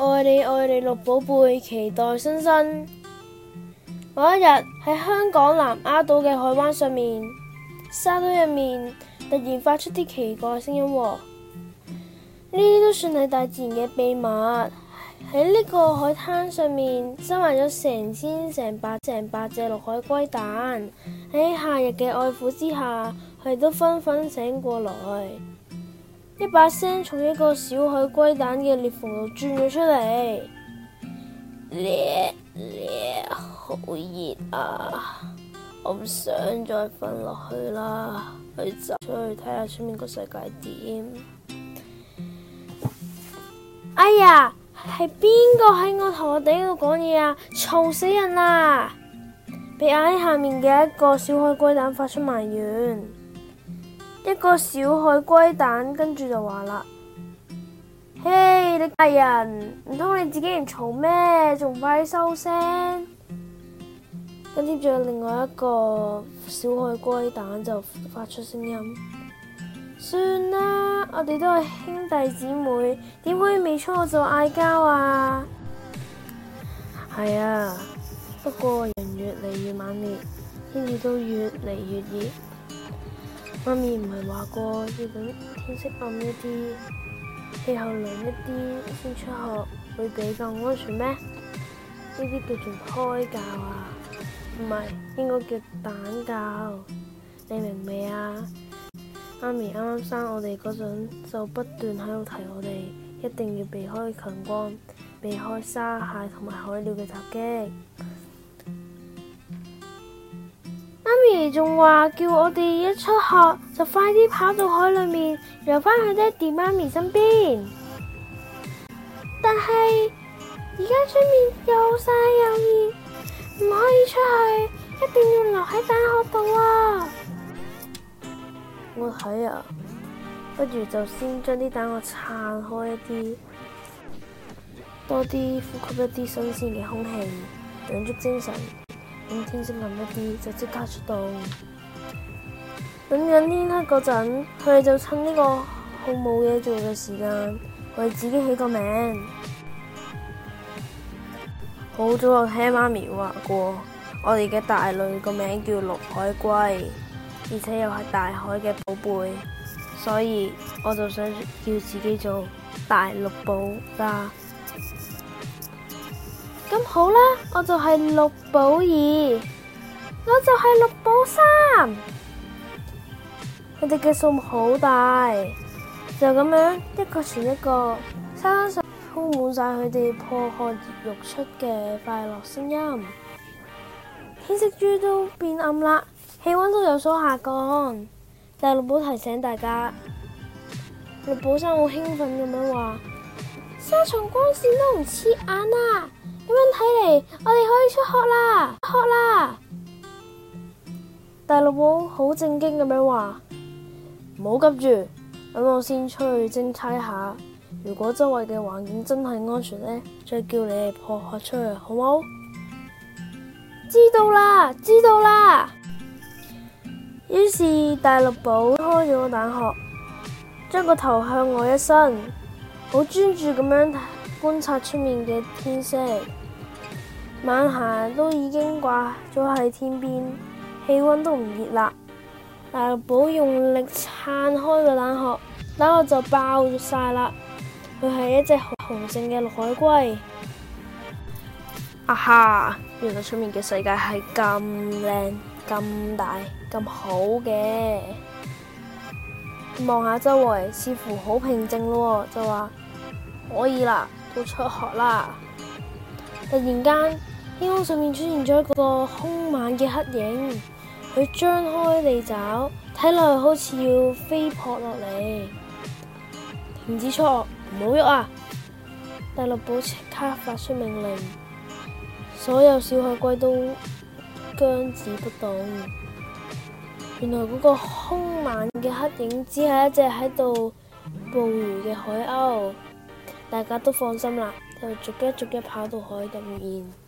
愛你愛你綠寶貝，期待新生。有一日喺香港南丫島嘅海灣上面，沙堆入面突然發出啲奇怪聲音哦。呢啲都算係大自然嘅秘密。喺呢個海灘上面，收埋咗成千成百成百隻綠海龜蛋。喺夏日嘅愛撫之下，佢哋都紛紛醒過來。一把聲從一個小海龜蛋嘅裂縫度轉咗出嚟，熱熱 好熱啊！我唔想再瞓落去啦，我走出去睇下出面個世界點。哎呀，係邊個喺我頭頂度講嘢啊？嘈死人啦，啊！俾下下面嘅一個小海龜蛋發出埋怨。一個小海龜蛋跟住就話啦：，嘿，hey, 你大人，唔通你自己唔嘈咩？仲快啲收聲！跟住仲有另外一個小海龜蛋就發出聲音：，音算啦，我哋都係兄弟姊妹，點可以未出我就嗌交啊？係啊，不過人越嚟越猛烈，天氣都越嚟越熱。媽咪唔係話過要等天色暗一啲，氣候涼一啲先出學會比較安全咩？呢啲叫做胎教啊，唔係，應該叫蛋教。你明唔明啊？媽咪啱啱生我哋嗰陣就不斷喺度提我哋，一定要避開強光、避開沙蟹同埋海鳥嘅襲擊。仲話叫我哋一出殼就快啲跑到海裏面，游翻去爹哋媽咪身邊，但係而家出面又曬又熱，唔可以出去，一定要留喺蛋殼度啊！我睇啊，不如就先將啲蛋殼撐開一啲，多啲呼吸一啲新鮮嘅空氣，養足精神。咁、嗯、天色暗一啲，就即刻出動。等緊天黑嗰陣，佢哋就趁呢、這個好冇嘢做嘅時間，為自己起個名。 好早就聽媽咪話過，我哋嘅大女個名叫綠海龜，而且又係大海嘅寶貝，所以我就想叫自己做大綠寶啦。咁好啦，我就係綠寶二，我就係綠寶三，佢哋嘅數目好大，就咁樣一個傳一個，沙灘上鋪滿晒佢哋破殼而出嘅快樂聲音，天色豬都變暗啦，氣溫都有所下降，但綠寶提醒大家，綠寶三好興奮咁樣話，沙場光線都唔刺眼啊！咁樣睇嚟，我哋可以出殼啦！出殼啦！大綠寶好正經咁樣話：唔好急住，等我先出去偵查下。如果周圍嘅環境真係安全呢，再叫你破殼出去好冇？知道啦，知道啦。於是大綠寶開咗個蛋殼，將個頭向我一伸，好專注咁樣觀察出面嘅天色。晚霞都已經掛咗喺天邊，氣溫都唔熱啦。大寶用力撐開個蛋殼，蛋殼就爆咗晒啦。佢係一隻雄性嘅綠海龜。啊哈！原來出面嘅世界係咁靚、咁大、咁好嘅。望下周圍，似乎好平靜咯，就話可以啦，到出殼啦。突然間。天空上面出現咗一個兇猛嘅黑影，佢張開地爪，睇落好似要飛撲落嚟。停止錯，唔好喐啊！大綠寶卡發出命令，所有小海龜都僵止不動。原來嗰個兇猛嘅黑影只係一隻喺度捕魚嘅海鷗，大家都放心啦，就逐一逐一跑到海入面。